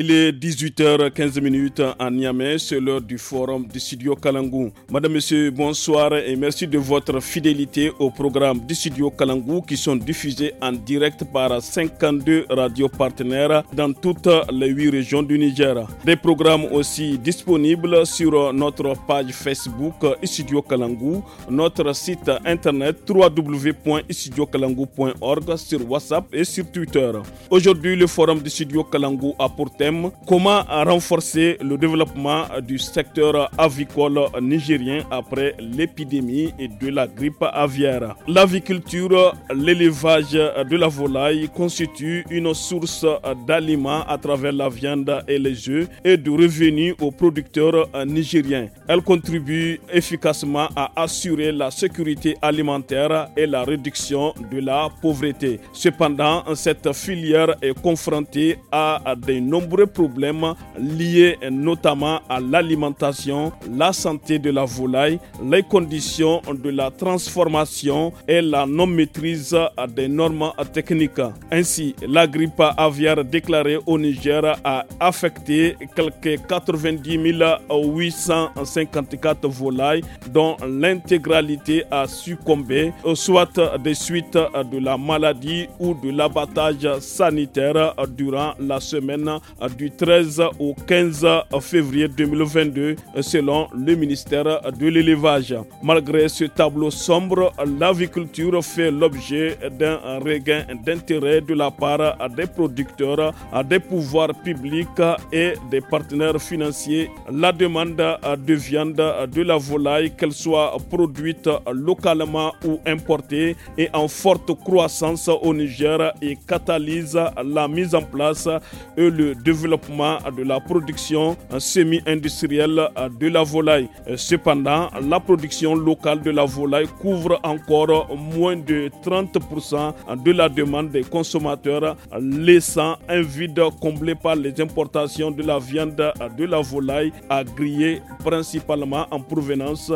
Il est 18h15 à Niamey, c'est l'heure du forum du studio Kalangou. Madame, Monsieur, bonsoir et merci de votre fidélité au programme du studio Kalangou qui sont diffusés en direct par 52 radios partenaires dans toutes les 8 régions du Niger. Des programmes aussi disponibles sur notre page Facebook Studio Kalangou, notre site internet www.studiokalangou.org, sur WhatsApp et sur Twitter. Aujourd'hui, le forum du studio Kalangou apporte comment renforcer le développement du secteur avicole nigérien après l'épidémie de la grippe aviaire. L'aviculture, l'élevage de la volaille constituent une source d'aliments à travers la viande et les œufs et de revenus aux producteurs nigériens. Elle contribue efficacement à assurer la sécurité alimentaire et la réduction de la pauvreté. Cependant, cette filière est confrontée à de nombreux problèmes liés notamment à l'alimentation, la santé de la volaille, les conditions de la transformation et la non-maîtrise des normes techniques. Ainsi, la grippe aviaire déclarée au Niger a affecté quelques 90 854 volailles dont l'intégralité a succombé, soit des suites de la maladie ou de l'abattage sanitaire durant la semaine du 13 au 15 février 2022 selon le ministère de l'élevage. Malgré ce tableau sombre, l'aviculture fait l'objet d'un regain d'intérêt de la part des producteurs, des pouvoirs publics et des partenaires financiers. La demande de viande de la volaille, qu'elle soit produite localement ou importée, est en forte croissance au Niger et catalyse la mise en place et le développement développement de la production euh, semi-industrielle euh, de la volaille. Euh, cependant, la production locale de la volaille couvre encore moins de 30% de la demande des consommateurs, laissant un vide comblé par les importations de la viande de la volaille à griller principalement en provenance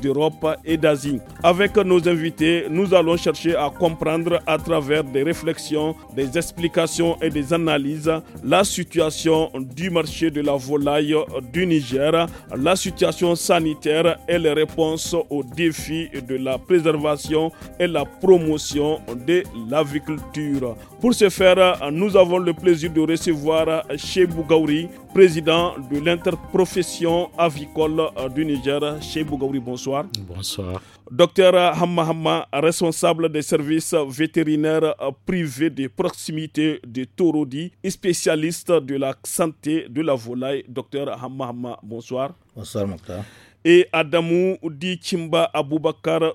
d'Europe et d'Asie. Avec nos invités, nous allons chercher à comprendre à travers des réflexions, des explications et des analyses la situation situation du marché de la volaille du Niger, la situation sanitaire et les réponses aux défis de la préservation et la promotion de l'aviculture. Pour ce faire, nous avons le plaisir de recevoir chez président de l'interprofession avicole euh, du Niger, chez Bougaouri. Bonsoir. Bonsoir. Docteur Hamma responsable des services vétérinaires euh, privés de proximité de Torodi, spécialiste de la santé de la volaille. Docteur Hamma Hamma, bonsoir. Bonsoir, Mokhtar et Adamou Di Chimba Aboubakar,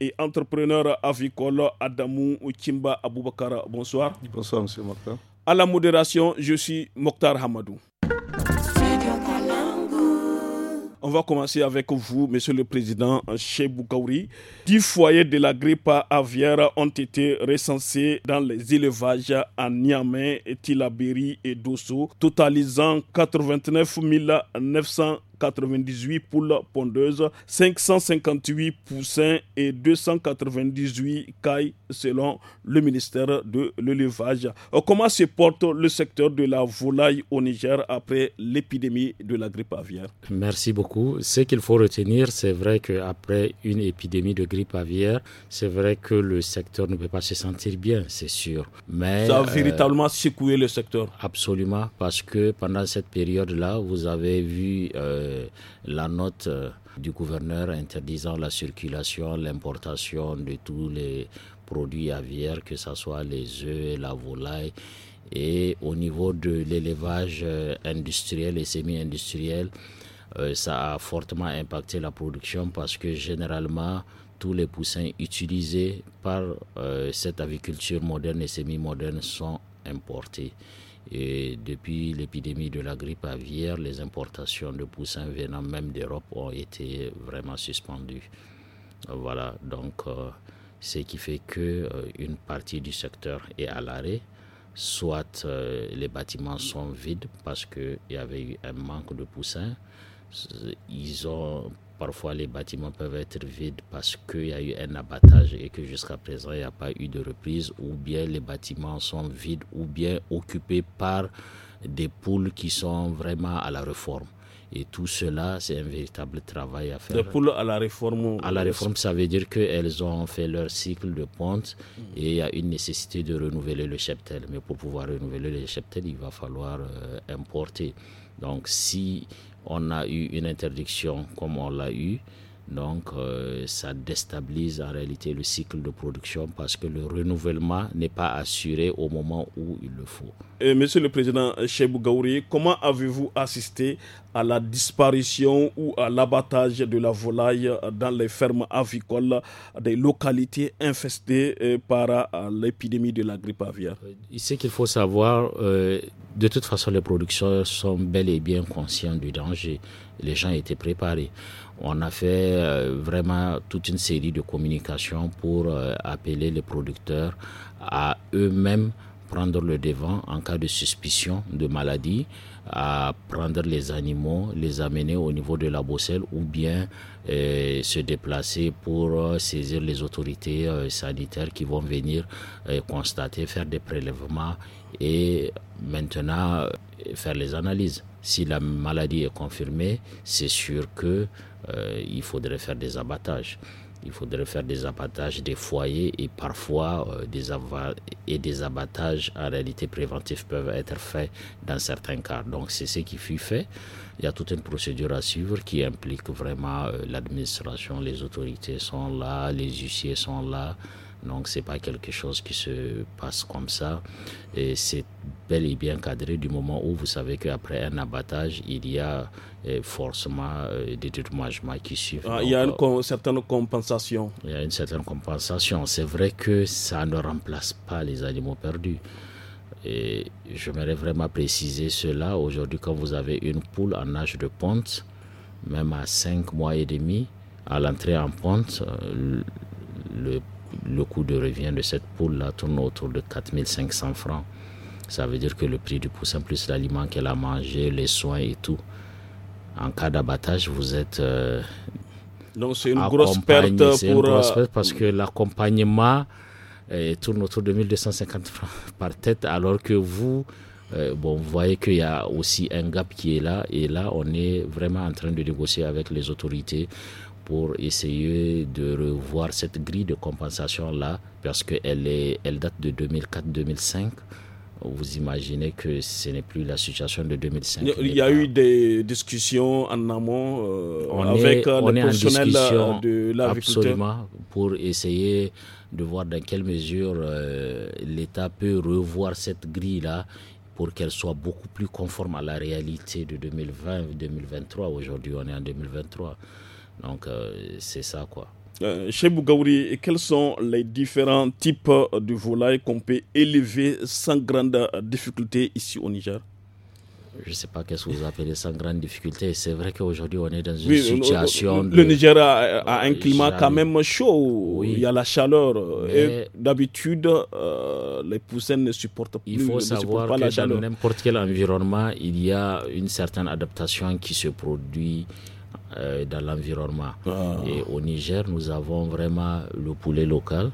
et entrepreneur avicole. Adamou Chimba Aboubakar, bonsoir. Bonsoir, monsieur Martin. À la modération, je suis Mokhtar Hamadou. On va commencer avec vous, Monsieur le Président Chebou Kauri. Dix foyers de la grippe aviaire ont été recensés dans les élevages à Niamey, Tilaberi et Dosso, totalisant 89 998 poules pondeuses, 558 poussins et 298 cailles selon le ministère de l'élevage. Euh, comment se porte le secteur de la volaille au Niger après l'épidémie de la grippe aviaire Merci beaucoup. Ce qu'il faut retenir, c'est vrai qu'après une épidémie de grippe aviaire, c'est vrai que le secteur ne peut pas se sentir bien, c'est sûr. Mais, Ça a euh, véritablement secoué le secteur. Absolument, parce que pendant cette période-là, vous avez vu euh, la note. du gouverneur interdisant la circulation, l'importation de tous les produits aviaires, que ce soit les œufs, la volaille. Et au niveau de l'élevage euh, industriel et semi-industriel, euh, ça a fortement impacté la production parce que généralement, tous les poussins utilisés par euh, cette aviculture moderne et semi-moderne sont importés. Et depuis l'épidémie de la grippe aviaire, les importations de poussins venant même d'Europe ont été vraiment suspendues. Voilà, donc ce qui fait que euh, une partie du secteur est à l'arrêt soit euh, les bâtiments sont vides parce qu'il y avait eu un manque de poussins. Ils ont, parfois, les bâtiments peuvent être vides parce qu'il y a eu un abattage et que jusqu'à présent, il n'y a pas eu de reprise, ou bien les bâtiments sont vides, ou bien occupés par des poules qui sont vraiment à la réforme. Et tout cela, c'est un véritable travail à faire. Pour à la réforme À la réforme, ça veut dire qu'elles ont fait leur cycle de ponte et il y a une nécessité de renouveler le cheptel. Mais pour pouvoir renouveler le cheptel, il va falloir euh, importer. Donc si on a eu une interdiction comme on l'a eu, donc euh, ça déstabilise en réalité le cycle de production parce que le renouvellement n'est pas assuré au moment où il le faut. Et Monsieur le Président Chebou comment avez-vous assisté à la disparition ou à l'abattage de la volaille dans les fermes avicoles des localités infestées euh, par euh, l'épidémie de la grippe aviaire Ce qu'il faut savoir, de toute façon, les producteurs sont bel et bien conscients du danger. Les gens étaient préparés. On a fait euh, vraiment toute une série de communications pour euh, appeler les producteurs à eux-mêmes prendre le devant en cas de suspicion de maladie, à prendre les animaux, les amener au niveau de la Bosselle ou bien euh, se déplacer pour saisir les autorités sanitaires qui vont venir constater, faire des prélèvements et maintenant faire les analyses. Si la maladie est confirmée, c'est sûr que euh, il faudrait faire des abattages. Il faudrait faire des abattages des foyers et parfois euh, des et des abattages en réalité préventifs peuvent être faits dans certains cas. Donc c'est ce qui fut fait. Il y a toute une procédure à suivre qui implique vraiment euh, l'administration, les autorités sont là, les huissiers sont là, donc c'est pas quelque chose qui se passe comme ça. Et c'est bel et bien cadré du moment où vous savez qu'après un abattage, il y a eh, forcément euh, des dédommagements qui suivent. Ah, il y a une certaine compensation. Il y a une certaine compensation. C'est vrai que ça ne remplace pas les animaux perdus. Et j'aimerais vraiment préciser cela. Aujourd'hui, quand vous avez une poule en âge de ponte, même à 5 mois et demi, à l'entrée en ponte, euh, le le coût de revient de cette poule-là tourne autour de 4500 francs. Ça veut dire que le prix du poussin, plus l'aliment qu'elle a mangé, les soins et tout. En cas d'abattage, vous êtes. Euh, Donc c'est une grosse perte pour. Une euh, parce que l'accompagnement euh, tourne autour de 1250 francs par tête, alors que vous. bon, vous voyez qu'il y a aussi un gap qui est là, et là, on est vraiment en train de négocier avec les autorités pour essayer de revoir cette grille de compensation-là, parce qu'elle elle date de 2004-2005 vous imaginez que ce n'est plus la situation de 2005. Il y a eu des discussions en amont euh, avec euh, on les est euh, de Absolument, pour essayer de voir dans quelle mesure l'État peut revoir cette grille-là pour qu'elle soit beaucoup plus conforme à la réalité de 2020-2023. Aujourd'hui, on est en 2023. Donc euh, c'est ça quoi. Euh, Chez Bougaouri, quels sont les différents types de volailles qu'on peut élever sans grande difficulté ici au Niger je ne sais pas qu'est-ce que vous appelez sans grande difficulté. C'est vrai qu'aujourd'hui, on est dans une situation. Le, Niger a, euh, un climat quand même chaud. Il y a la chaleur. Et d'habitude, les poussins ne supportent plus. Il faut savoir que dans n'importe quel environnement, il y a une certaine adaptation qui se produit euh, dans l'environnement. Ah. Et au Niger, nous avons vraiment le poulet local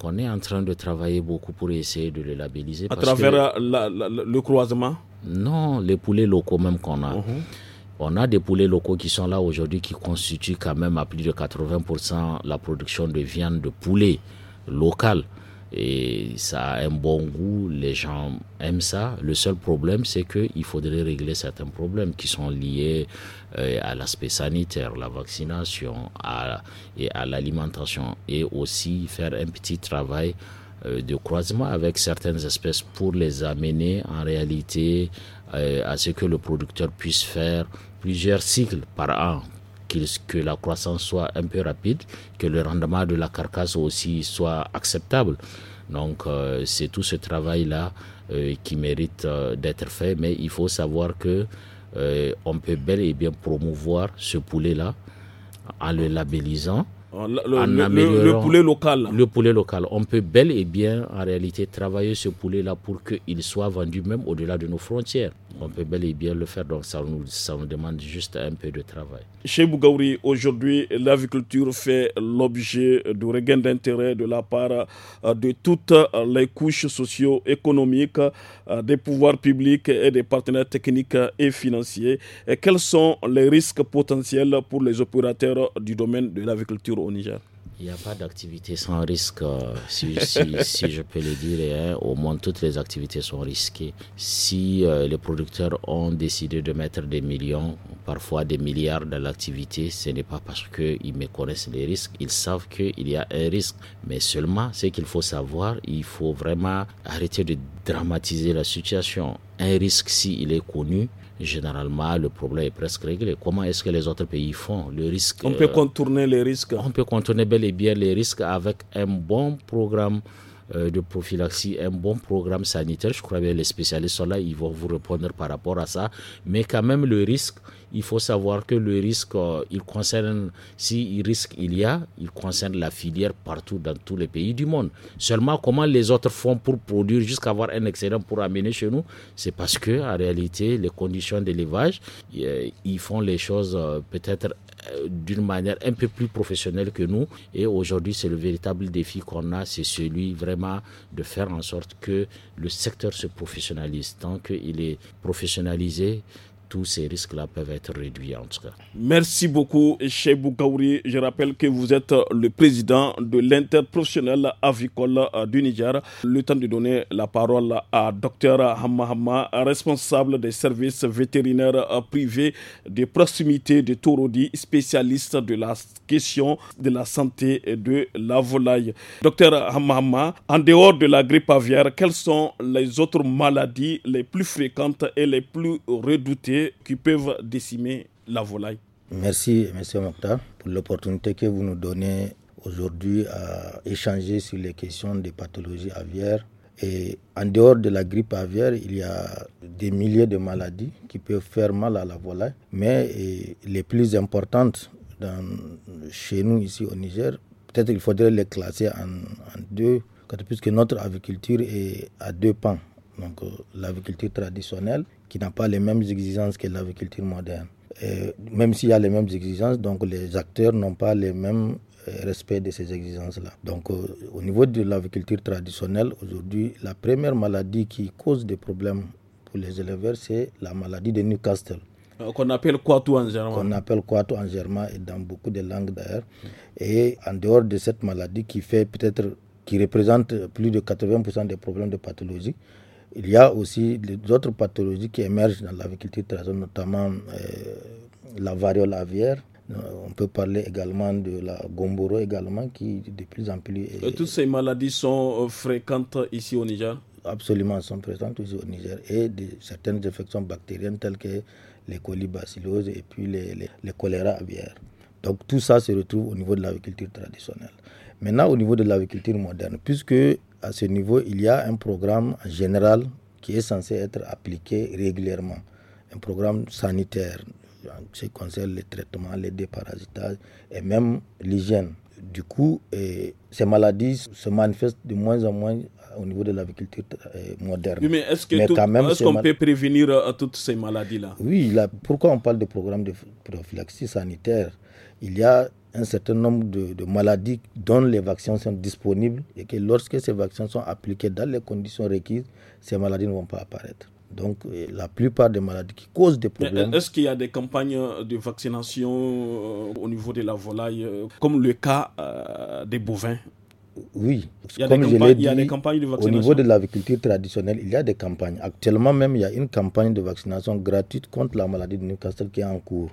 qu'on est en train de travailler beaucoup pour essayer de le labelliser. À travers le croisement Non, les poulets locaux même qu'on a. Mhm. On a des poulets locaux qui sont là aujourd'hui qui constituent quand même à plus de 80% la production de viande de poulet local Et ça a un bon goût, les gens aiment ça. Le seul problème, c'est qu'il faudrait régler certains problèmes qui sont liés euh, à l'aspect sanitaire, la vaccination à, et à l'alimentation et aussi faire un petit travail euh, de croisement avec certaines espèces pour les amener en réalité euh, à ce que le producteur puisse faire plusieurs cycles par an que la croissance soit un peu rapide, que le rendement de la carcasse aussi soit acceptable. Donc c'est tout ce travail-là qui mérite d'être fait, mais il faut savoir que euh, on peut bel et bien promouvoir ce poulet-là en le labellisant. Ah, le, poulet local. Le poulet local. On peut bel et bien, en réalité, travailler ce poulet-là pour qu'il soit vendu même au-delà de nos frontières. On peut bel et bien le faire, donc ça nous, demande juste un peu de travail. Chez Bougaouri, aujourd'hui, l'agriculture fait l'objet de regain d'intérêt de la part euh, de toutes euh, les couches socio-économiques, euh, des pouvoirs publics et des partenaires techniques et financiers. quels sont les risques potentiels pour les opérateurs du domaine de l'agriculture au Niger il n'y a pas d'activité sans risque, euh, si, je peux le dire. Hein. au moins, toutes les activités sont risquées. Si euh, les producteurs ont décidé de mettre des millions, parfois des milliards dans l'activité, ce n'est pas parce qu'ils méconnaissent les risques. Ils savent qu'il y a un risque. Mais seulement, ce qu'il faut savoir, il faut vraiment arrêter de dramatiser la situation. Un risque, s'il il est connu, généralement, le problème est presque réglé. Comment est-ce que les autres pays font le risque, On peut euh, contourner les risques. On peut contourner bel et bien les risques avec un bon programme euh, de prophylaxie, un bon programme sanitaire. Je crois bien les spécialistes sont là, ils vont vous répondre par rapport à ça. Mais quand même, le risque, il faut savoir que le risque, euh, il concerne, si risque il y a, il concerne la filière partout dans tous les pays du monde. Seulement, comment les autres font pour produire jusqu'à avoir un excédent pour amener chez nous C'est parce que, en réalité, les conditions d'élevage, euh, ils font les choses euh, peut-être d'une manière un peu plus professionnelle que nous. Et aujourd'hui, c'est le véritable défi qu'on a, c'est celui vraiment de faire en sorte que le secteur se professionnalise. Tant qu'il est professionnalisé, tous ces risques-là peuvent être réduits en tout cas. Merci beaucoup, Cheibou Gauri. Je rappelle que vous êtes le président de l'interprofessionnel avicole du Niger. Le temps de donner la parole à Dr Hamama, responsable des services vétérinaires privés de proximité de Torodi, spécialiste de la question de la santé et de la volaille. Docteur Hamama, en dehors de la grippe aviaire, quelles sont les autres maladies les plus fréquentes et les plus redoutées qui peuvent décimer la volaille. Merci, M. Mokhtar, pour l'opportunité que vous nous donnez aujourd'hui à échanger sur les questions des pathologies aviaires. Et en dehors de la grippe aviaire, il y a des milliers de maladies qui peuvent faire mal à la volaille. Mais les plus importantes dans, chez nous ici au Niger, peut-être qu'il faudrait les classer en, deux, puisque notre agriculture est à deux pans. Donc euh, l'agriculture traditionnelle qui n'a pas les mêmes exigences que l'agriculture moderne. même s'il y a les mêmes exigences, donc les acteurs n'ont pas les mêmes euh, respect de ces exigences-là. Donc euh, au niveau de l'agriculture traditionnelle, aujourd'hui, la première maladie qui cause des problèmes pour les éleveurs, c'est la maladie de Newcastle. Euh, qu'on appelle Quatu en germain. Qu'on appelle Quatu en germain et dans beaucoup de langues d'ailleurs. Et en dehors de cette maladie qui fait peut-être, qui représente plus de 80% des problèmes de pathologie, il y a aussi d'autres pathologies qui émergent dans l'agriculture traditionnelle, notamment euh, la variole aviaire. Euh, on peut parler également de la gomboro également qui de plus en plus... Toutes ces maladies sont euh, fréquentes ici au Niger Absolument, sont présentes ici au Niger et certaines infections bactériennes telles que les colibacilloses et puis les, choléra aviaires. Donc tout ça se retrouve au niveau de l'agriculture traditionnelle. Maintenant, au niveau de l'agriculture moderne, puisque à ce niveau, il y a un programme général qui est censé être appliqué régulièrement. Un programme sanitaire, qui concerne les traitements, les déparasitages et même l'hygiène. Du coup, ces maladies se manifestent de moins en moins au niveau de l'agriculture euh, moderne. mais est-ce qu'on peut prévenir euh, toutes ces maladies-là Oui, pourquoi on parle de programme de prophylaxie sanitaire Il y a un certain nombre de, maladies dont les vaccins sont disponibles et que lorsque ces vaccins sont appliqués dans les conditions requises, ces maladies ne vont pas apparaître. Donc euh, la plupart des maladies qui causent des problèmes. Est-ce qu'il y a des campagnes de vaccination euh, au niveau de la volaille, euh, comme le cas des bovins oui, comme je l'ai dit, de au niveau de l'agriculture traditionnelle, il y a des campagnes. Actuellement même, il y a une campagne de vaccination gratuite contre la maladie de Newcastle qui est en cours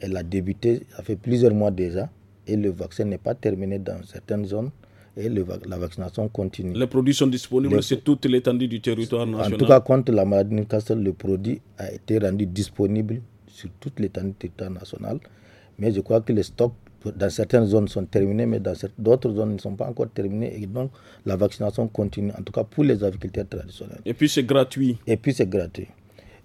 elle a débuté, ça fait plusieurs mois déjà, et le vaccin n'est pas terminé dans certaines zones et la vaccination continue. Les produits sont disponibles sur toute l'étendue du territoire national. En tout cas, contre la maladie de Newcastle, le produit a été rendu disponible sur toute l'étendue du territoire national. Mais je crois que les stocks dans certaines zones sont terminés, mais dans d'autres zones ne sont pas encore terminés. Et donc, la vaccination continue, en tout cas pour les agriculteurs traditionnels. Et puis, c'est gratuit. Et puis, c'est gratuit.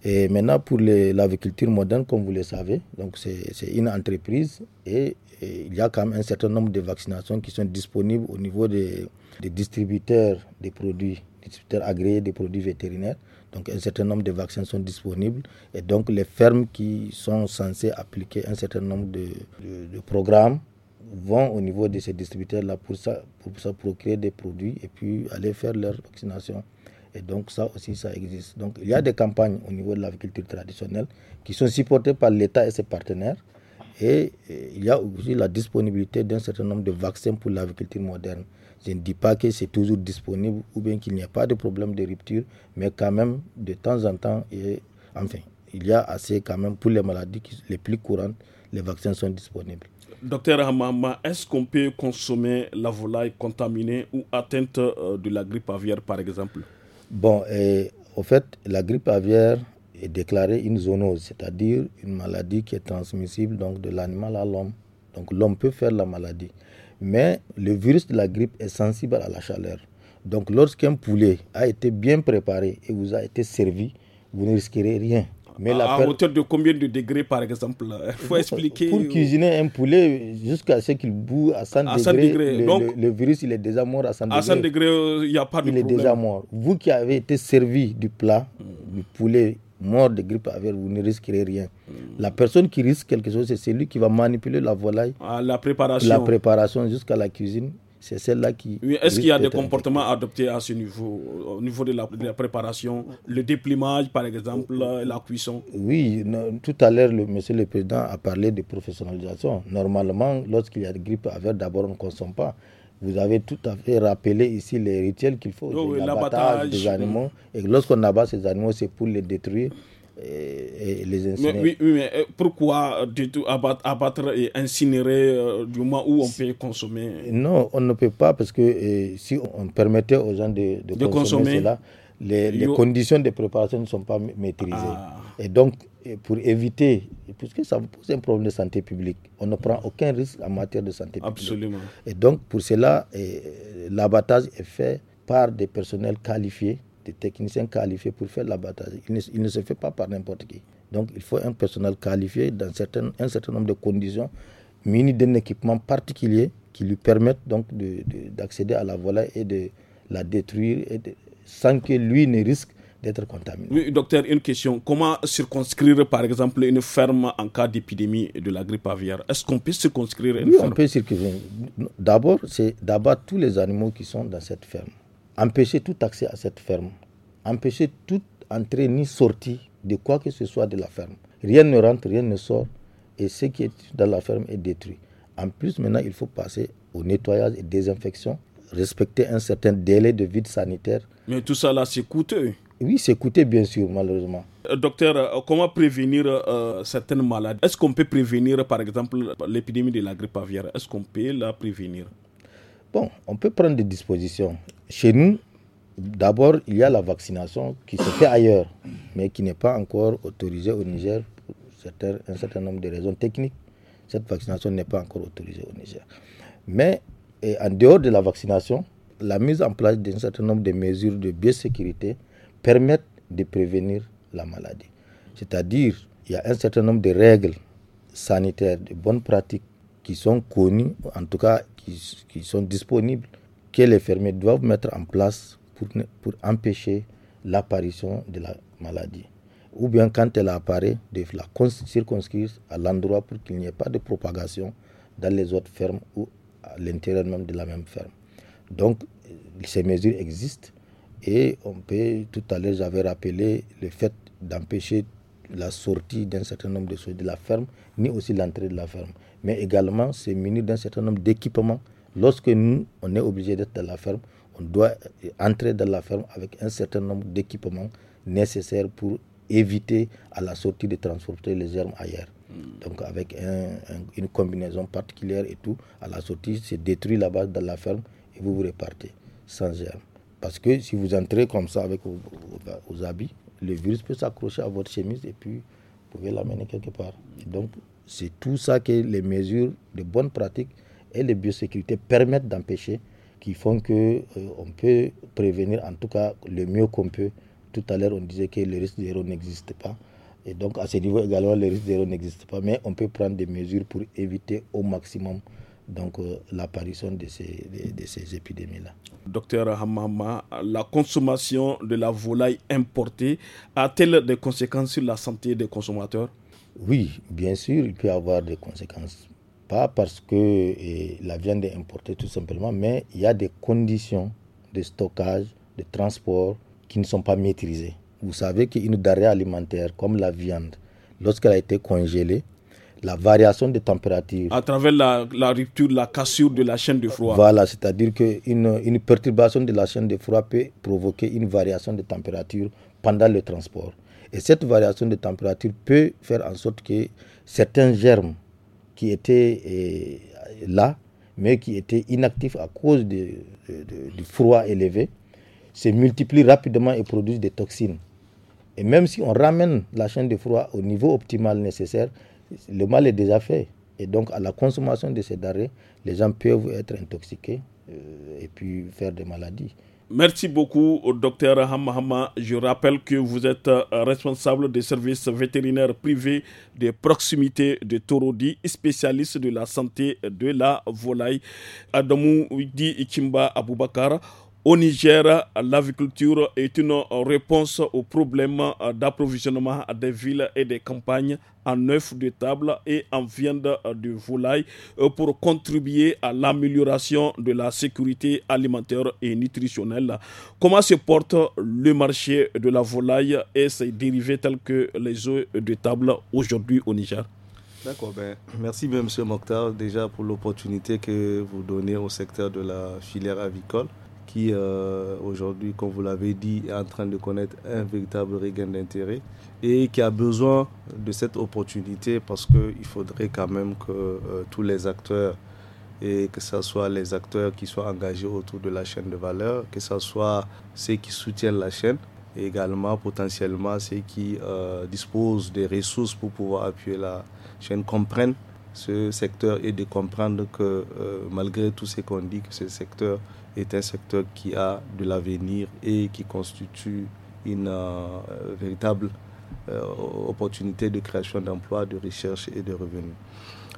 Et maintenant, pour l'agriculture moderne, comme vous le savez, c'est une entreprise et, il y a quand même un certain nombre de vaccinations qui sont disponibles au niveau des, distributeurs des produits, distributeurs agréés des produits vétérinaires. Donc un certain nombre de vaccins sont disponibles et donc les fermes qui sont censées appliquer un certain nombre de, programmes vont au niveau de ces distributeurs-là pour ça, pour ça procurer des produits et puis aller faire leur vaccination. Et donc ça aussi, ça existe. Donc il y a des campagnes au niveau de l'agriculture traditionnelle qui sont supportées par l'État et ses partenaires. Et, il y a aussi la disponibilité d'un certain nombre de vaccins pour l'agriculture moderne. Je ne dis pas que c'est toujours disponible ou bien qu'il n'y a pas de problème de rupture, mais quand même, de temps en temps, et, enfin, il y a assez quand même pour les maladies les plus courantes, les vaccins sont disponibles. Docteur Hamama, est-ce qu'on peut consommer la volaille contaminée ou atteinte euh, de la grippe aviaire, par exemple Bon, et, au fait, la grippe aviaire est déclarée une zoonose, c'est-à-dire une maladie qui est transmissible donc, de l'animal à l'homme. Donc l'homme peut faire la maladie. Mais le virus de la grippe est sensible à la chaleur. Donc lorsqu'un poulet a été bien préparé et vous a été servi, vous ne risquerez rien à, hauteur de combien de degrés, par exemple Il faut expliquer. Pour cuisiner un poulet, jusqu'à ce qu'il boue à 100, degrés, Le, Donc, le, virus, il est déjà mort à 100 degrés. il a pas de problème. Il est déjà mort. Vous qui avez été servi du plat, du poulet mort de grippe aviaire, vous ne risquerez rien. Hmm. La personne qui risque quelque chose, c'est celui qui va manipuler la volaille. à ah, la préparation. La préparation jusqu'à la cuisine c'est celle-là qui. Oui, est-ce qu'il y a des comportements adoptés à ce niveau, au niveau de la, préparation, le déplumage par exemple, euh, la cuisson Oui, tout à l'heure, le, monsieur le président a parlé de professionnalisation. Normalement, lorsqu'il y a des grippe aviaire, d'abord on ne consomme pas. Vous avez tout à fait rappelé ici les rituels qu'il faut, oh oui, l'abattage des animaux. Et lorsqu'on abat ces animaux, c'est pour les détruire et, les Mais, euh, pourquoi du abattre, et incinérer euh, du moment où on peut consommer Non, on ne peut pas parce que euh, si on permettait aux gens de, consommer, cela, les, conditions de préparation ne sont pas maîtrisées. Ah. Et donc, pour éviter, puisque ça pose un problème de santé publique, on ne prend aucun risque en matière de santé publique. Absolument. Et donc, pour cela, l'abattage est fait par des personnels qualifiés des techniciens qualifiés pour faire l'abattage. Il, il ne, se fait pas par n'importe qui. Donc il faut un personnel qualifié dans un certain nombre de conditions, muni d'un équipement particulier qui lui permette donc d'accéder à la volaille et de la détruire sans que lui ne risque d'être contaminé. Oui, docteur, une question. Comment circonscrire, par exemple, une ferme en cas d'épidémie de la grippe aviaire Est-ce qu'on peut circonscrire une oui, on peut circonscrire. D'abord, c'est d'abattre tous les animaux qui sont dans cette ferme. Empêcher tout accès à cette ferme empêcher toute entrée ni sortie de quoi que ce soit de la ferme. Rien ne rentre, rien ne sort, et ce qui est dans la ferme est détruit. En plus, maintenant, il faut passer au nettoyage et désinfection, respecter un certain délai de vide sanitaire. Mais tout ça là, c'est coûteux. Oui, c'est coûteux, bien sûr, malheureusement. Euh, docteur, euh, comment prévenir euh, certaines maladies Est-ce qu'on peut prévenir, par exemple, l'épidémie de la grippe aviaire Est-ce qu'on peut la prévenir Bon, on peut prendre des dispositions. Chez nous, d'abord, il y a la vaccination qui se fait ailleurs, mais qui n'est pas encore autorisée au Niger pour un certain nombre de raisons techniques. Cette vaccination n'est pas encore autorisée au Niger. Mais en dehors de la vaccination, la mise en place d'un certain nombre de mesures de biosécurité permettent de prévenir la maladie. C'est-à-dire, il y a un certain nombre de règles sanitaires, de bonnes pratiques qui sont connues, en tout cas qui, qui sont disponibles, que les fermiers doivent mettre en place pour, empêcher l'apparition de la maladie. Ou bien quand elle apparaît, de la circonscrire à l'endroit pour qu'il n'y ait pas de propagation dans les autres fermes ou à l'intérieur même de la même ferme. Donc ces mesures existent et on peut, tout à l'heure j'avais rappelé le fait d'empêcher la sortie d'un certain nombre de choses de la ferme, ni aussi l'entrée de la ferme, mais également c'est munir d'un certain nombre d'équipements lorsque nous, on est obligé d'être dans la ferme on doit entrer dans la ferme avec un certain nombre d'équipements nécessaires pour éviter à la sortie de transporter les germes ailleurs. Hmm. Donc avec une combinaison particulière et tout, à la sortie, c'est détruit la base dans la ferme et vous vous repartez sans germes. Parce que si vous entrez comme ça avec vos, habits, le virus peut s'accrocher à votre chemise et puis vous pouvez l'amener quelque part. donc c'est tout ça que les mesures de bonne pratique et les biosécurités permettent d'empêcher qui font que euh, on peut prévenir en tout cas le mieux qu'on peut. Tout à l'heure, on disait que le risque zéro n'existe pas. Et donc, à ce niveau également, le risque zéro n'existe pas. Mais on peut prendre des mesures pour éviter au maximum donc euh, l'apparition de ces, de ces épidémies-là. Docteur Hamama, la consommation de la volaille importée a-t-elle des conséquences sur la santé des consommateurs Oui, bien sûr, il peut y avoir des conséquences pas parce que la viande est importée tout simplement, mais il y a des conditions de stockage, de transport qui ne sont pas maîtrisées. Vous savez qu'une denrée alimentaire comme la viande, lorsqu'elle a été congelée, la variation de température... À travers la, la, rupture, la cassure de la chaîne de froid. Voilà, c'est-à-dire qu'une une perturbation de la chaîne de froid peut provoquer une variation de température pendant le transport. Et cette variation de température peut faire en sorte que certains germes qui étaient euh, là, mais qui étaient inactifs à cause du froid élevé, se multiplient rapidement et produisent des toxines. Et même si on ramène la chaîne de froid au niveau optimal nécessaire, le mal est déjà fait. Et donc, à la consommation de ces darés, les gens peuvent être intoxiqués euh, et puis faire des maladies. Merci beaucoup Dr docteur Hamahama. Je rappelle que vous êtes euh, responsable des services vétérinaires privés de proximité de Torodi, spécialiste de la santé de la volaille. Adamou Widi Ikimba Aboubakar au Niger, l'aviculture est une réponse aux problème euh, d'approvisionnement des villes et des campagnes en œufs de table et en viande de volaille euh, pour contribuer à l'amélioration de la sécurité alimentaire et nutritionnelle. Comment se porte le marché de la volaille et ses dérivés tels que les œufs de table aujourd'hui au Niger D'accord, ben, merci bien M. Mokhtar déjà pour l'opportunité que vous donnez au secteur de la filière avicole qui euh, aujourd'hui, comme vous l'avez dit, est en train de connaître un véritable regain d'intérêt et qui a besoin de cette opportunité parce qu'il faudrait quand même que euh, tous les acteurs, et que ce soit les acteurs qui soient engagés autour de la chaîne de valeur, que ce soit ceux qui soutiennent la chaîne, et également potentiellement ceux qui euh, disposent des ressources pour pouvoir appuyer la chaîne, comprennent ce secteur et de comprendre que malgré tout ce qu'on dit, que ce secteur est un secteur qui a de l'avenir et qui constitue une euh, véritable euh, opportunité de création d'emplois, de recherche et de revenus.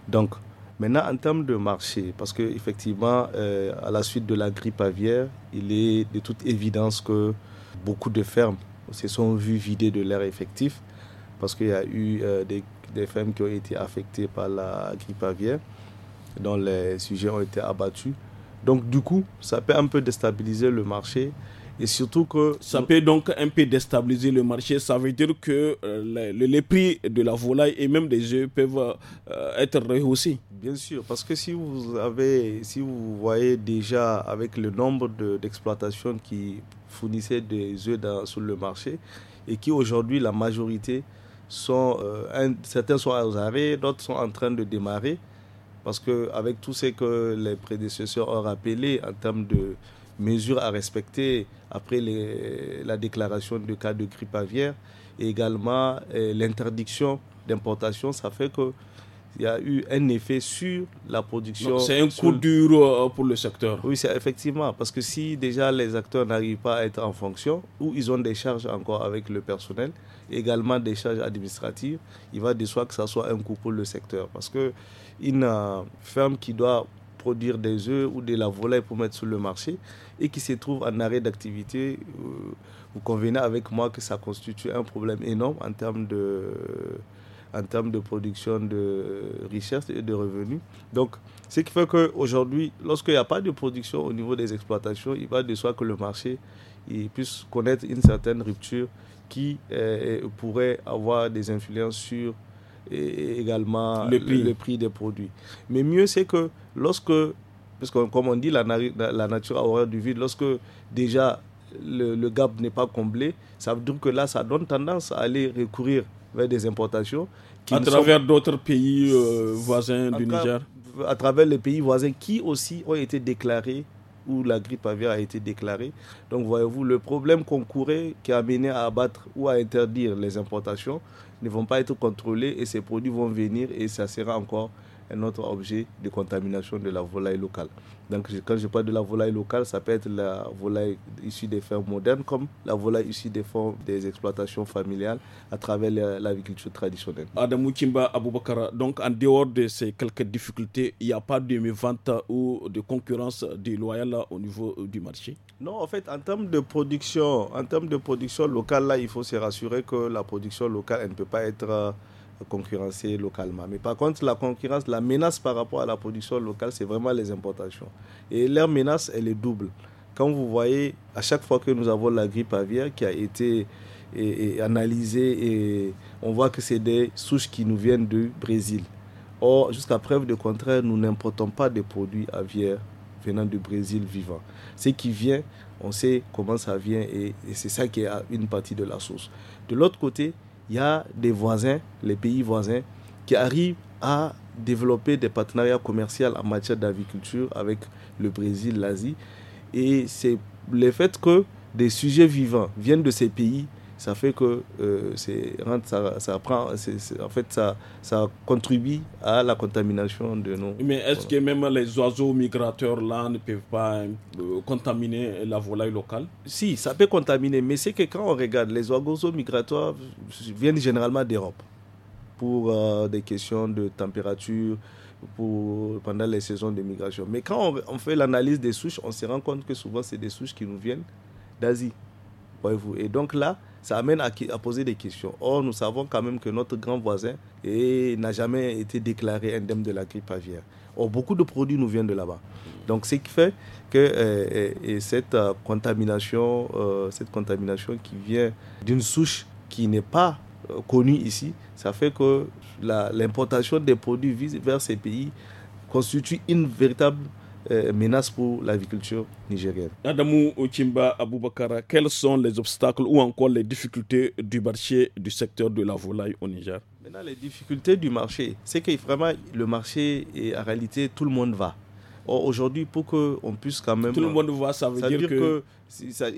Donc, maintenant, en termes de marché, parce qu'effectivement, euh, à la suite de la grippe aviaire, il est de toute évidence que beaucoup de fermes se sont vues vider de l'air effectif, parce qu'il y a eu euh, des, des fermes qui ont été affectées par la grippe aviaire, dont les sujets ont été abattus. Donc du coup, ça peut un peu déstabiliser le marché. Et surtout que... Ça peut donc un peu déstabiliser le marché. Ça veut dire que euh, les, prix de la volaille et même des œufs peuvent euh, être rehaussés. Bien sûr, parce que si vous avez, si vous voyez déjà avec le nombre d'exploitations qui fournissaient des œufs sur le marché et qui aujourd'hui, la majorité, sont, euh, certains sont aux arrêts, d'autres sont en train de démarrer. Parce qu'avec tout ce que les prédécesseurs ont rappelé en termes de mesures à respecter après la déclaration de cas de grippe aviaire et également eh, l'interdiction d'importation, ça fait que il y a eu un effet sur la production. C'est un coup dur euh, pour le secteur. Oui, c'est effectivement parce que si déjà les acteurs n'arrivent pas à être en fonction ou ils ont des charges encore avec le personnel, également des charges administratives, il va de soi que ça soit un coup pour le secteur parce que une euh, ferme qui doit produire des œufs ou de la volaille pour mettre sur le marché et qui se trouve en arrêt d'activité, euh, vous convenez avec moi que ça constitue un problème énorme en termes de, en termes de production de richesses et de revenus. Donc, ce qui fait qu'aujourd'hui, lorsqu'il n'y a pas de production au niveau des exploitations, il va de soi que le marché il puisse connaître une certaine rupture qui euh, pourrait avoir des influences sur également le prix. le prix. des produits. Mais mieux, c'est que lorsque, parce que comme on dit, la, la nature a horreur du vide, lorsque déjà le, gap n'est pas comblé, ça veut dire que là, ça donne tendance à aller recourir vers des importations. Qui à travers d'autres pays euh, voisins du Niger À travers les pays voisins qui aussi ont été déclarés où la grippe aviaire a été déclarée. Donc voyez-vous, le problème qu'on courait qui a mené à abattre ou à interdire les importations ne vont pas être contrôlés et ces produits vont venir et ça sera encore un autre objet de contamination de la volaille locale. Donc quand je parle de la volaille locale, ça peut être la volaille issue des fermes modernes comme la volaille issue des fermes des exploitations familiales à travers l'agriculture traditionnelle. Adam Kimba Aboubakara, donc en dehors de ces quelques difficultés, il n'y a pas de vente ou de concurrence déloyale au niveau euh, du marché Non, en fait, en termes de production, en termes de production locale, là, il faut se rassurer que la production locale, elle ne peut pas être... Euh, concurrencer localement. Mais par contre, la concurrence, la menace par rapport à la production locale, c'est vraiment les importations. Et leur menace, elle est double. Quand vous voyez, à chaque fois que nous avons la grippe aviaire qui a été et, analysée, et on voit que c'est des souches qui nous viennent du Brésil. Or, jusqu'à preuve de contraire, nous n'importons pas des produits aviaires venant du Brésil vivant. Ce qui vient, on sait comment ça vient et, et c'est ça qui est une partie de la source. De l'autre côté, il y a des voisins, les pays voisins, qui arrivent à développer des partenariats commerciaux en matière d'agriculture avec le Brésil, l'Asie. Et c'est le fait que des sujets vivants viennent de ces pays ça fait que euh, ça, ça en fait, ça, ça contribue à la contamination de nos. Mais est-ce que même les oiseaux migrateurs là ne peuvent pas euh, contaminer la volaille locale Si, ça peut contaminer, mais c'est que quand on regarde, les oiseaux migratoires viennent généralement d'Europe pour euh, des questions de température. Pour, pendant les saisons de migration. Mais quand on, on fait l'analyse des souches, on se rend compte que souvent c'est des souches qui nous viennent d'Asie. Et donc là, ça amène à, à, poser des questions. Or, nous savons quand même que notre grand voisin eh, n'a jamais été déclaré indemne de la grippe aviaire. Or, beaucoup de produits nous viennent de là-bas. Donc, ce qui fait que et eh, eh, cette, euh, contamination, euh, cette contamination qui vient d'une souche qui n'est pas euh, connue ici, ça fait que l'importation des produits vers ces pays constitue une véritable euh, menace pour l'agriculture nigérienne. Adamou Ochimba Aboubakara, quels sont les obstacles ou encore les difficultés du marché du secteur de la volaille au Niger Maintenant, les difficultés du marché, c'est que vraiment le marché, est, en réalité, tout le monde va. aujourd'hui, pour qu'on puisse quand même. Tout le monde va, ça veut, dire, que.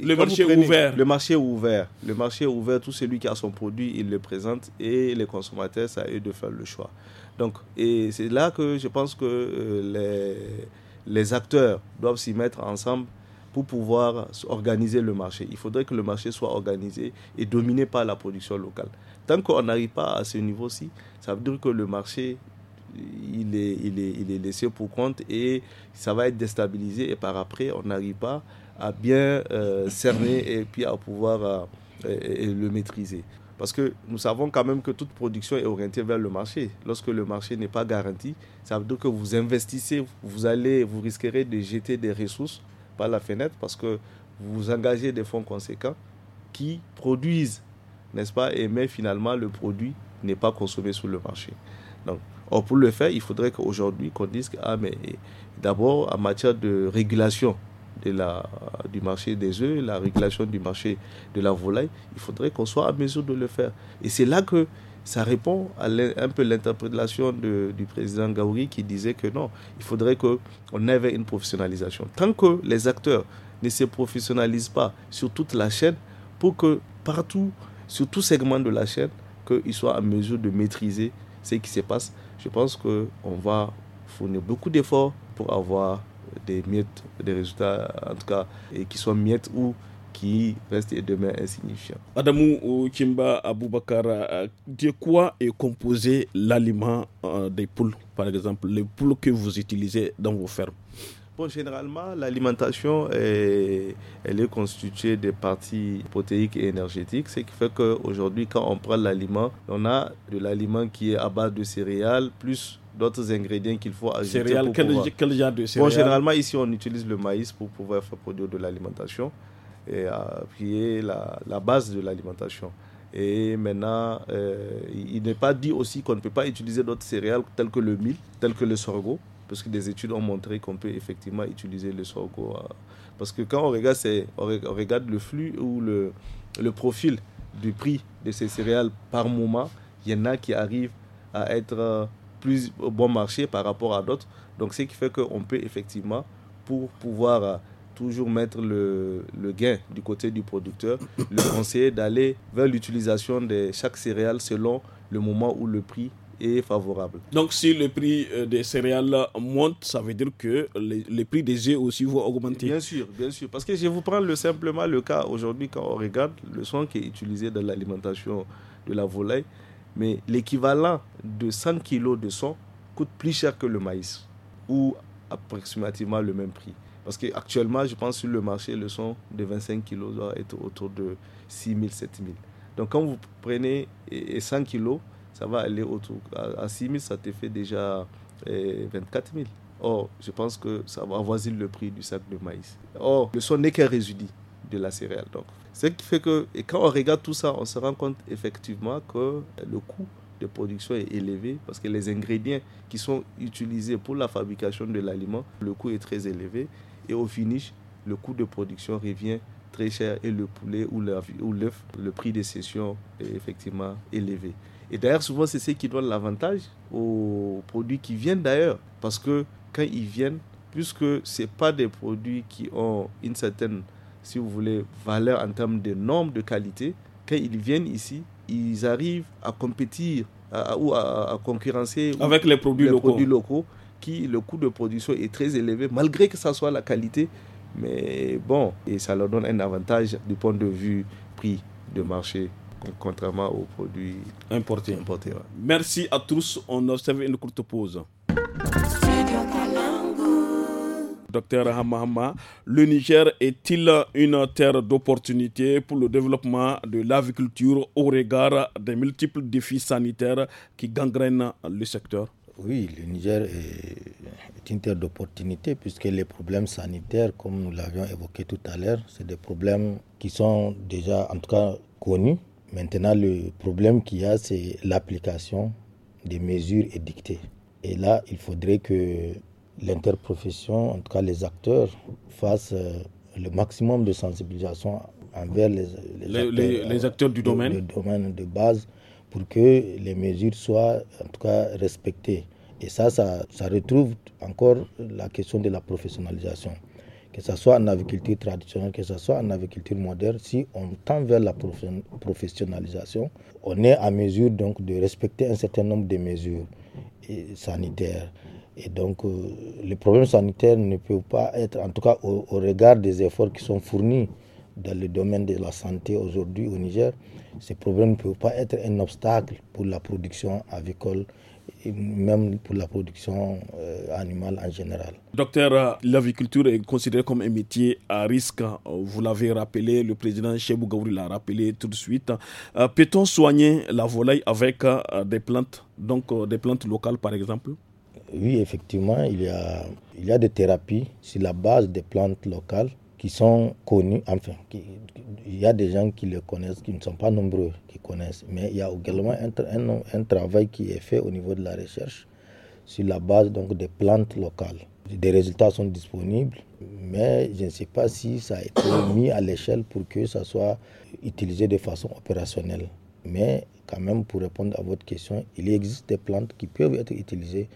le marché est ouvert. Le marché est ouvert. Le marché ouvert. Tout celui qui a son produit, il le présente et les consommateurs, ça a de faire le choix. Donc, et c'est là que je pense que euh, les les acteurs doivent s'y mettre ensemble pour pouvoir organiser le marché. Il faudrait que le marché soit organisé et dominé par la production locale. Tant qu'on n'arrive pas à ce niveau-ci, ça veut dire que le marché, il est, il, est, laissé pour compte et ça va être déstabilisé et par après, on n'arrive pas à bien euh, cerner et puis à pouvoir euh, le maîtriser. Parce que nous savons quand même que toute production est orientée vers le marché. Lorsque le marché n'est pas garanti, ça veut dire que vous investissez, vous allez, vous risquerez de jeter des ressources par la fenêtre parce que vous engagez des fonds conséquents qui produisent, n'est-ce pas Et mais finalement, le produit n'est pas consommé sur le marché. Donc, or pour le faire, il faudrait qu'aujourd'hui qu'on dise que ah mais d'abord en matière de régulation, de la, du marché des œufs, la régulation du marché de la volaille, il faudrait qu'on soit à mesure de le faire. Et c'est là que ça répond à un peu l'interprétation du président Gauri qui disait que non, il faudrait qu'on ait une professionnalisation. Tant que les acteurs ne se professionnalisent pas sur toute la chaîne, pour que partout, sur tout segment de la chaîne, qu'ils soient à mesure de maîtriser ce qui se passe, je pense qu'on va fournir beaucoup d'efforts pour avoir des miettes, des résultats, en tout cas, et qui soient miettes ou qui restent et demeurent insignifiants. Adamou Kimba Aboubakar, euh, de quoi est composé l'aliment euh, des poules, par exemple, les poules que vous utilisez dans vos fermes Bon, généralement, l'alimentation elle est constituée des parties protéiques et énergétiques, ce qui fait qu'aujourd'hui, quand on prend l'aliment, on a de l'aliment qui est à base de céréales, plus d'autres ingrédients qu'il faut ajouter. Céréales, pour pouvoir... genre de céréales bon, Généralement, ici, on utilise le maïs pour pouvoir faire produire de l'alimentation et appuyer euh, la, la base de l'alimentation. Et maintenant, euh, il n'est pas dit aussi qu'on ne peut pas utiliser d'autres céréales telles que le mil, telles que le sorgho, parce que des études ont montré qu'on peut effectivement utiliser le sorgho. Euh, parce que quand on regarde, on regarde le flux ou le, le profil du prix de ces céréales par moment, il y en a qui arrivent à être plus bon marché par rapport à d'autres. Donc, ce qui fait qu'on peut effectivement, pour pouvoir euh, toujours mettre le, gain du côté du producteur, le conseiller d'aller vers l'utilisation de chaque céréale selon le moment où le prix est favorable. Donc si le prix euh, des céréales monte, ça veut dire que les, prix des œufs aussi vont augmenter. Bien sûr, bien sûr. Parce que je vous prends le, simplement le cas aujourd'hui quand on regarde le soin qui est utilisé dans l'alimentation de la volaille. Mais l'équivalent de 100 kg de son coûte plus cher que le maïs, ou approximativement le même prix. Parce qu'actuellement, je pense que sur le marché, le son de 25 kg doit être autour de 6 000, 7 000. Donc quand vous prenez 100 kg, ça va aller autour. À 6 000, ça te fait déjà 24 eh, 000. Or, je pense que ça va le prix du sac de maïs. Or, le son n'est qu'un résidu de la céréale. Donc, ce qui fait que, et quand on regarde tout ça, on se rend compte effectivement que le coût de production est élevé parce que les ingrédients qui sont utilisés pour la fabrication de l'aliment, le coût est très élevé. Et au finish, le coût de production revient très cher et le poulet ou l'œuf, le prix de cession est effectivement élevé. Et d'ailleurs, souvent, c'est ce qui donne l'avantage aux produits qui viennent d'ailleurs parce que quand ils viennent, puisque ce pas des produits qui ont une certaine si vous voulez, valeur en termes de normes, de qualité, quand ils viennent ici, ils arrivent à compétir ou à, concurrencer avec les, produits, locaux. produits locaux, qui le coût de production est très élevé, malgré que ce soit la qualité. Mais bon, et ça leur donne un avantage du point de vue prix de marché contrairement aux produits importés. Merci à tous. On observe une courte pause. Docteur Hamahama, le Niger est-il une terre d'opportunité pour le développement de l'aviculture au regard des multiples défis sanitaires qui gangrènent le secteur oui, le Niger est une terre d'opportunité puisque les problèmes sanitaires, comme nous l'avions évoqué tout à l'heure, c'est des problèmes qui sont déjà, en tout cas, connus. Maintenant, le problème qu'il y a, c'est l'application des mesures édictées. Et là, il faudrait que l'interprofession, en tout cas les acteurs, fassent euh, le maximum de sensibilisation envers les, les, acteurs, du euh, domaine. Le domaine de base pour que les mesures soient en tout cas respectées. Et ça, ça, retrouve encore la question de la professionnalisation. Que ce soit en agriculture traditionnelle, que ce soit en agriculture moderne, si on tend vers la professionnalisation, on est à mesure donc de respecter un certain nombre de mesures sanitaires. Et donc, euh, les problèmes sanitaires ne peuvent pas être, en tout cas au, regard des efforts qui sont fournis dans le domaine de la santé aujourd'hui au Niger, ces problèmes ne peuvent pas être un obstacle pour la production avicole et même pour la production euh, animale en général. Docteur, euh, l'aviculture est considérée comme un métier à risque. Vous l'avez rappelé, le président Chebou l'a rappelé tout de suite. Peut-on soigner la volaille avec des plantes, donc des plantes locales par exemple oui, effectivement, il y, a, il y a des thérapies sur la base des plantes locales qui sont connues, enfin, il y a des gens qui les connaissent, qui ne sont pas nombreux qui connaissent, mais il y a également un, un, un travail qui est fait au niveau de la recherche sur la base donc, des plantes locales. Des résultats sont disponibles, mais je ne sais pas si ça a été mis à l'échelle pour que ça soit utilisé de façon opérationnelle. Mais quand même, pour répondre à votre question, il existe des plantes qui peuvent être utilisées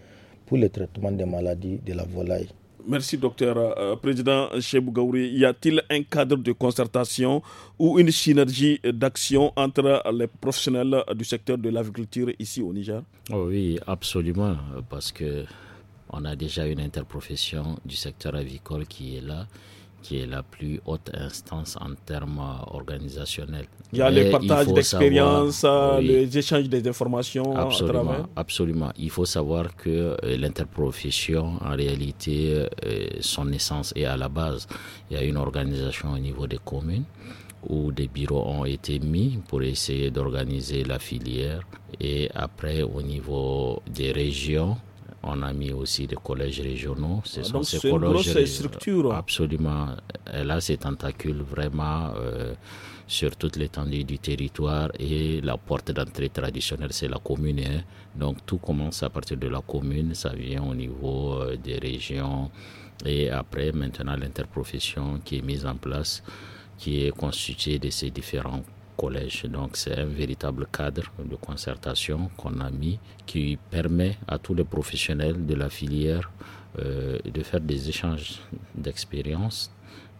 pour le traitement des maladies de la volaille. Merci, docteur. Euh, président Cheb y a-t-il un cadre de concertation ou une synergie d'action entre les professionnels du secteur de l'agriculture ici au Niger oh Oui, absolument, parce que on a déjà une interprofession du secteur avicole qui est là qui est la plus haute instance en termes organisationnels. Il y a le partage d'expériences, les échanges des informations. Absolument, absolument. Il faut savoir que euh, l'interprofession, en réalité, euh, son essence est à la base. Il y a une organisation au niveau des communes où des bureaux ont été mis pour essayer d'organiser la filière. Et après, au niveau des régions, on a mis aussi des collèges régionaux. Ah, donc ces structure. Absolument. Elle a ses tentacules vraiment euh, sur toute l'étendue du territoire et la porte d'entrée traditionnelle, c'est la commune. Hein. Donc tout commence à partir de la commune, ça vient au niveau euh, des régions et après maintenant l'interprofession qui est mise en place, qui est constituée de ces différents collège. Donc c'est un véritable cadre de concertation qu'on a mis qui permet à tous les professionnels de la filière euh, de faire des échanges d'expérience,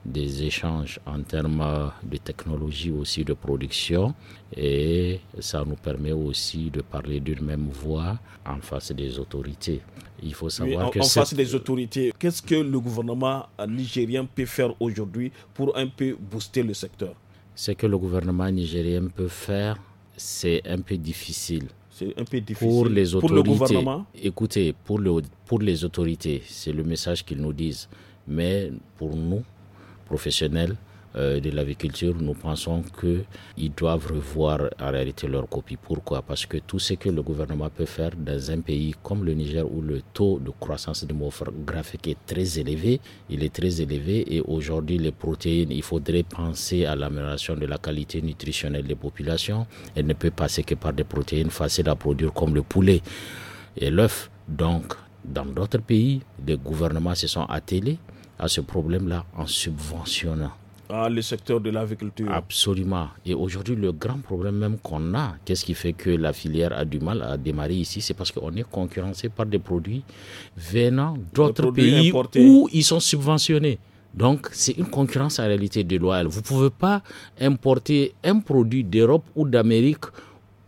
des échanges en termes de technologie aussi de production et ça nous permet aussi de parler d'une même voix en face des autorités. Il faut savoir en, en face des autorités, qu'est-ce que le gouvernement nigérien peut faire aujourd'hui pour un peu booster le secteur ce que le gouvernement nigérien peut faire, c'est un peu difficile. C'est un peu difficile. Pour les autorités. le gouvernement Écoutez, pour, pour les autorités, c'est le message qu'ils nous disent. Mais pour nous, professionnels, euh, de l'agriculture, nous pensons qu'ils doivent revoir en réalité leur copie. Pourquoi Parce que tout ce que le gouvernement peut faire dans un pays comme le Niger où le taux de croissance démographique est très élevé, il est très élevé et aujourd'hui les protéines, il faudrait penser à l'amélioration de la qualité nutritionnelle des populations. Elle ne peut passer que par des protéines faciles à produire comme le poulet et l'œuf. Donc, dans d'autres pays, les gouvernements se sont attelés à ce problème-là en subventionnant le secteur de l'agriculture. Absolument. Et aujourd'hui, le grand problème même qu'on a, qu'est-ce qui fait que la filière a du mal à démarrer ici, c'est parce qu'on est concurrencé par des produits venant d'autres pays où ils sont subventionnés. Donc, c'est une concurrence en réalité déloyale. Vous ne pouvez pas importer un produit d'Europe ou d'Amérique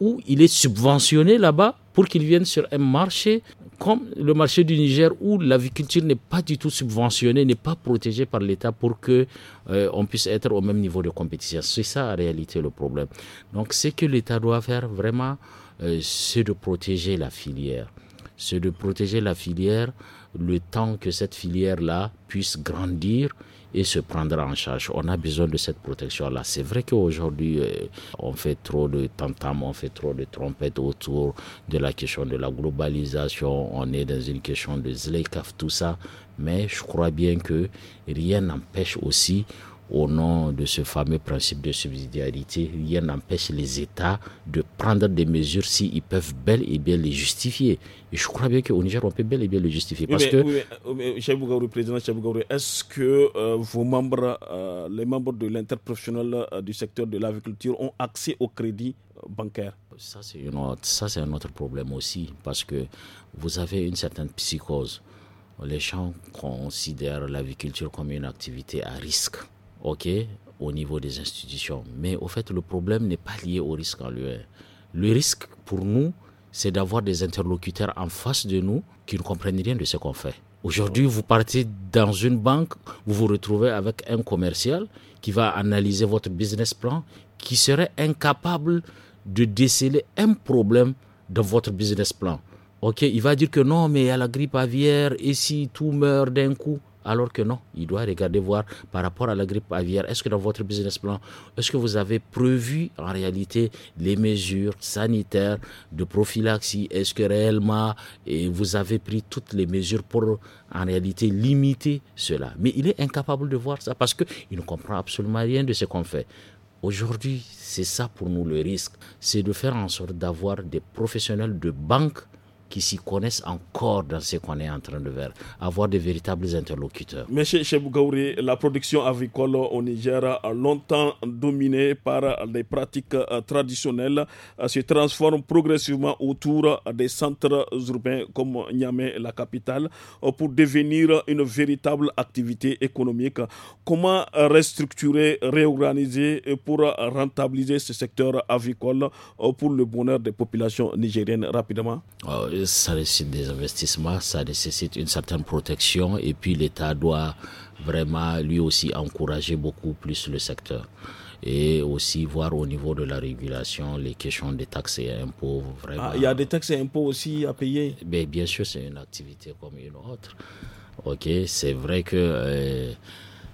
où il est subventionné là-bas pour qu'il vienne sur un marché comme le marché du Niger où l'aviculture n'est pas du tout subventionnée, n'est pas protégée par l'État pour que euh, on puisse être au même niveau de compétition. C'est ça en réalité le problème. Donc ce que l'État doit faire vraiment, euh, c'est de protéger la filière. C'est de protéger la filière le temps que cette filière-là puisse grandir et se prendra en charge. On a besoin de cette protection-là. C'est vrai qu'aujourd'hui, euh, on fait trop de tam on fait trop de trompettes autour de la question de la globalisation, on est dans une question de zleikaf, tout ça. Mais je crois bien que rien n'empêche aussi au nom de ce fameux principe de subsidiarité, rien n'empêche les États de prendre des mesures s'ils peuvent bel et bien les justifier. Et je crois bien qu'au Niger, on peut bel et bien les justifier. Parce que... Euh, euh, président est-ce que euh, vos membres, les membres de l'interprofessionnel du secteur de l'agriculture ont accès au crédit bancaire Ça, c'est un autre problème aussi, parce que vous avez une certaine psychose. Les gens considèrent l'agriculture comme une activité à risque OK, au niveau des institutions. Mais au fait, le problème n'est pas lié au risque en lui. Le risque pour nous, c'est d'avoir des interlocuteurs en face de nous qui ne comprennent rien de ce qu'on fait. Aujourd'hui, vous partez dans une banque, vous vous retrouvez avec un commercial qui va analyser votre business plan, qui serait incapable de déceler un problème dans votre business plan. Ok, il va dire que non, mais il y a la grippe aviaire, et si tout meurt d'un coup alors que non, il doit regarder voir par rapport à la grippe aviaire, est-ce que dans votre business plan, est-ce que vous avez prévu en réalité les mesures sanitaires de prophylaxie Est-ce que réellement vous avez pris toutes les mesures pour en réalité limiter cela Mais il est incapable de voir ça parce qu'il ne comprend absolument rien de ce qu'on fait. Aujourd'hui, c'est ça pour nous le risque, c'est de faire en sorte d'avoir des professionnels de banque qui s'y connaissent encore dans ce qu'on est en train de faire, avoir de véritables interlocuteurs. Monsieur la production agricole au Niger, longtemps dominée par les pratiques euh, traditionnelles, euh, se transforme progressivement autour des centres urbains comme Niamey, la capitale, euh, pour devenir une véritable activité économique. Comment restructurer, réorganiser pour rentabiliser ce secteur agricole pour le bonheur des populations nigériennes rapidement ah, ça nécessite des investissements, ça nécessite une certaine protection et puis l'État doit vraiment lui aussi encourager beaucoup plus le secteur et aussi voir au niveau de la régulation les questions des taxes et impôts. Vraiment. Ah, il y a des taxes et impôts aussi à payer Mais Bien sûr, c'est une activité comme une autre. Ok, c'est vrai que... Euh,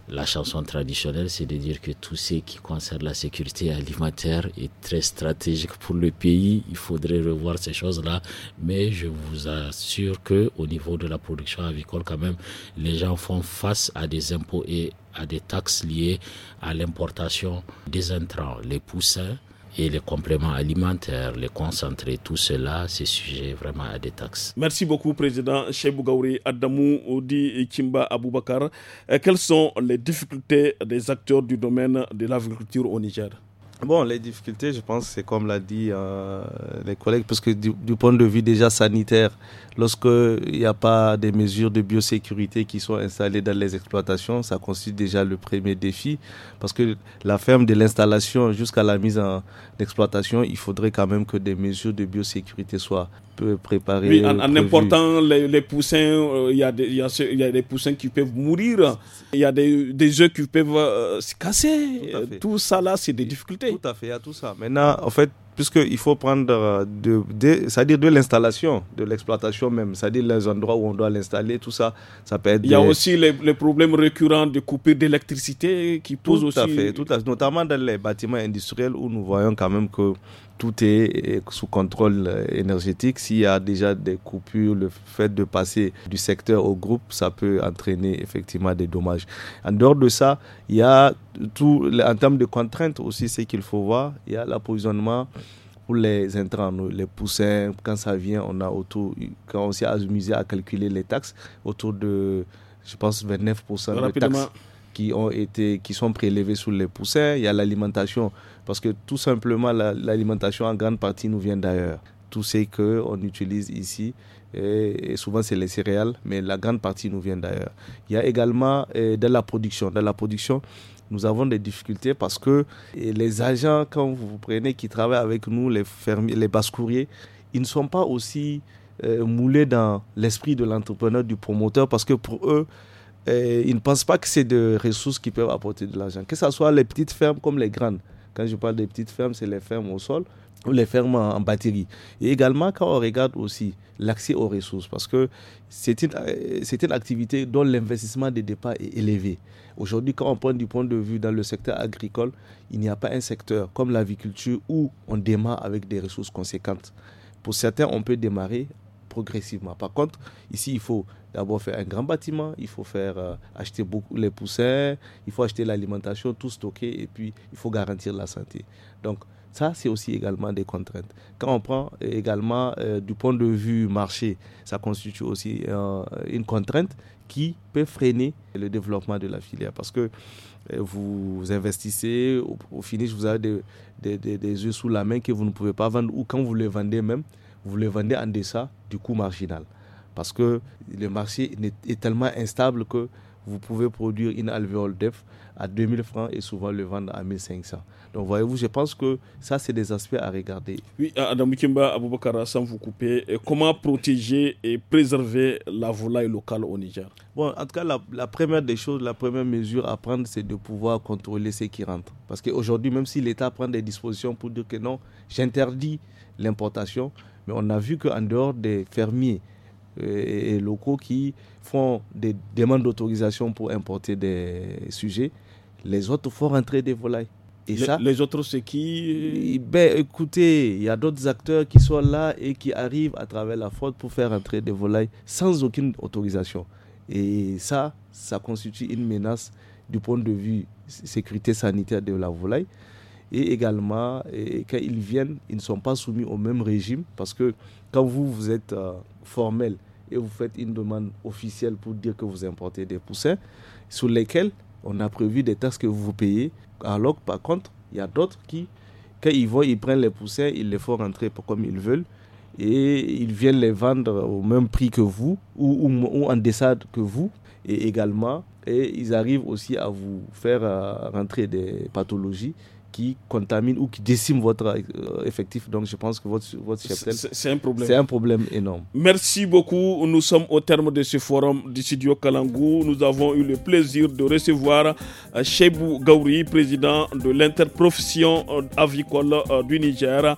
la chanson traditionnelle, c'est de dire que tout ce qui concerne la sécurité alimentaire est très stratégique pour le pays. Il faudrait revoir ces choses-là. Mais je vous assure que au niveau de la production avicole, quand même, les gens font face à des impôts et à des taxes liées à l'importation des intrants, les poussins, et les compléments alimentaires, les concentrés, tout cela, c'est sujet vraiment à des taxes. Merci beaucoup, Président Chebougaouri Adamou Oudi Kimba Aboubakar. Euh, quelles sont les difficultés des acteurs du domaine de l'agriculture au Niger Bon, les difficultés, je pense, c'est comme l'a dit euh, les collègues, parce que du, point de vue déjà sanitaire, lorsque il n'y a pas des mesures de biosécurité qui sont installées dans les exploitations, ça constitue déjà le premier défi, parce que la ferme de l'installation jusqu'à la mise en exploitation, il faudrait quand même que des mesures de biosécurité soient préparées. Oui, en, important les, poussins, il y, a des, poussins qui peuvent mourir, il y a des, des œufs qui peuvent euh, se casser. Tout ça là, c'est des difficultés. Tout à fait, il y a tout ça. Maintenant, en fait, puisqu'il faut prendre euh, de, dire de l'installation, de l'exploitation même, c'est-à-dire les endroits où on doit l'installer, tout ça, ça peut être. Il y a aussi les, problèmes récurrents de coupure d'électricité qui posent aussi. Tout à fait, tout notamment dans les bâtiments industriels où nous voyons quand même que tout est euh, sous contrôle euh, énergétique. S'il y a déjà des coupures, le fait de passer du secteur au groupe, ça peut entraîner effectivement des dommages. En dehors de ça, il y a tout, en termes de contraintes aussi, ce qu'il faut voir, il y a l'approvisionnement pour les intrants, les poussins, quand ça vient, on a autour, quand on s'est amusé à calculer les taxes, autour de, je pense, 29% de taxes qui ont été qui sont prélevés sous les poussins, il y a l'alimentation parce que tout simplement l'alimentation en grande partie nous vient d'ailleurs. Tout ce que on utilise ici eh, et, souvent c'est les céréales, mais la grande partie nous vient d'ailleurs. Il y a également eh, de la production, dans la production nous avons des difficultés parce que eh, les agents, quand vous, prenez, qui travaillent avec nous, les fermiers, les basse-courriers, ils ne sont pas aussi euh, moulés dans l'esprit de l'entrepreneur, du promoteur, parce que pour eux, ils ne pensent pas que c'est des ressources qui peuvent apporter de l'argent, que ce soit les petites fermes comme les grandes. Quand je parle des petites fermes, c'est les fermes au sol ou les fermes en, batterie. Et également, quand on regarde aussi l'accès aux ressources, parce que c'est une, euh, une activité dont l'investissement de départ est élevé. Aujourd'hui, quand on prend du point de vue dans le secteur agricole, il n'y a pas un secteur comme l'aviculture où on démarre avec des ressources conséquentes. Pour certains, on peut démarrer progressivement. Par contre, ici, il faut d'abord faire un grand bâtiment, il faut faire euh, acheter beaucoup les poussins, il faut acheter l'alimentation, tout stocker et puis il faut garantir la santé. Donc ça, c'est aussi également des contraintes. Quand on prend également euh, du point de vue marché, ça constitue aussi euh, une contrainte qui peut freiner le développement de la filière parce que vous investissez, au, finish, vous avez des, des, sous la main que vous ne pouvez pas vendre ou quand vous les vendez même, vous les vendez en deçà du coût marginal. Parce que le marché est tellement instable que vous pouvez produire une alvéole d'EF à 2000 francs et souvent le vendre à 1500. Donc voyez-vous, je pense que ça, c'est des aspects à regarder. Oui, euh, Adam Mikimba, Aboubakara, sans vous couper, euh, comment protéger et préserver la volaille locale au Niger Bon, en tout cas, la, la première des choses, la première mesure à prendre, c'est de pouvoir contrôler ce qui rentre. Parce qu'aujourd'hui, même si l'État prend des dispositions pour dire que non, j'interdis l'importation, mais on a vu qu'en dehors des fermiers et, locaux qui font des demandes d'autorisation pour importer des sujets. Les autres font rentrer des volailles. Et les, ça, les autres, c'est qui euh, eh ben, Écoutez, il y a d'autres acteurs qui sont là et qui arrivent à travers la fraude pour faire rentrer des volailles sans aucune autorisation. Et ça, ça constitue une menace du point de vue sécurité sanitaire de la volaille. Et également, eh, quand ils viennent, ils ne sont pas soumis au même régime parce que quand vous, vous êtes... Euh, formel et vous faites une demande officielle pour dire que vous importez des poussins sur lesquels on a prévu des taxes que vous, payez. Alors par contre, il y a d'autres qui, quand ils vont, ils prennent les poussins, ils les font rentrer comme ils veulent et ils viennent les vendre au même prix que vous ou, ou, en dessous que vous et également et ils arrivent aussi à vous faire euh, rentrer des pathologies qui contamine ou qui décime votre euh, effectif. Donc je pense que votre, votre c'est un problème. C'est un problème énorme. Merci beaucoup. Nous sommes au terme de ce forum du studio Kalangou. Nous avons eu le plaisir de recevoir euh, Chebou Gauri, président de l'interprofession euh, avicole du Niger,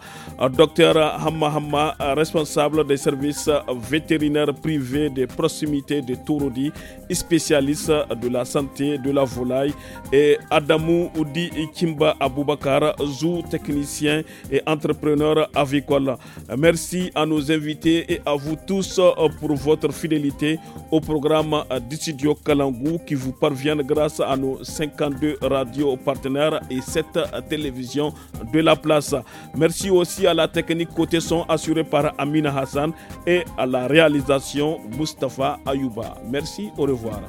docteur Hamma Hamma, responsable des services vétérinaires privés de proximité de Tourodi, spécialiste de la santé de la volaille, et Adamou Oudi Kimba Abou Bakara, Zou, technicien et entrepreneur avicola. Merci à nos invités et à vous tous euh, pour votre fidélité au programme euh, d'Issidio Kalangou qui vous parvient grâce à nos 52 radios partenaires et 7 télévisions de la place. Merci aussi à la technique côté son assurée par Amina Hassan et à la réalisation Mustafa Ayouba. Merci, au revoir.